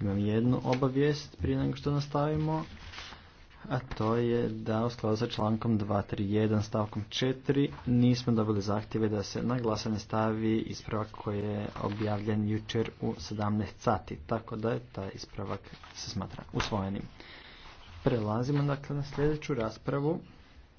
Imam jednu obavijest prije nego što nastavimo, a to je da u skladu sa člankom 231 stavkom 4 nismo dobili zahtjeve da se na glasanje stavi ispravak koji je objavljen jučer u 17 sati, tako da je taj ispravak se smatra usvojenim. Prelazimo dakle na sljedeću raspravu.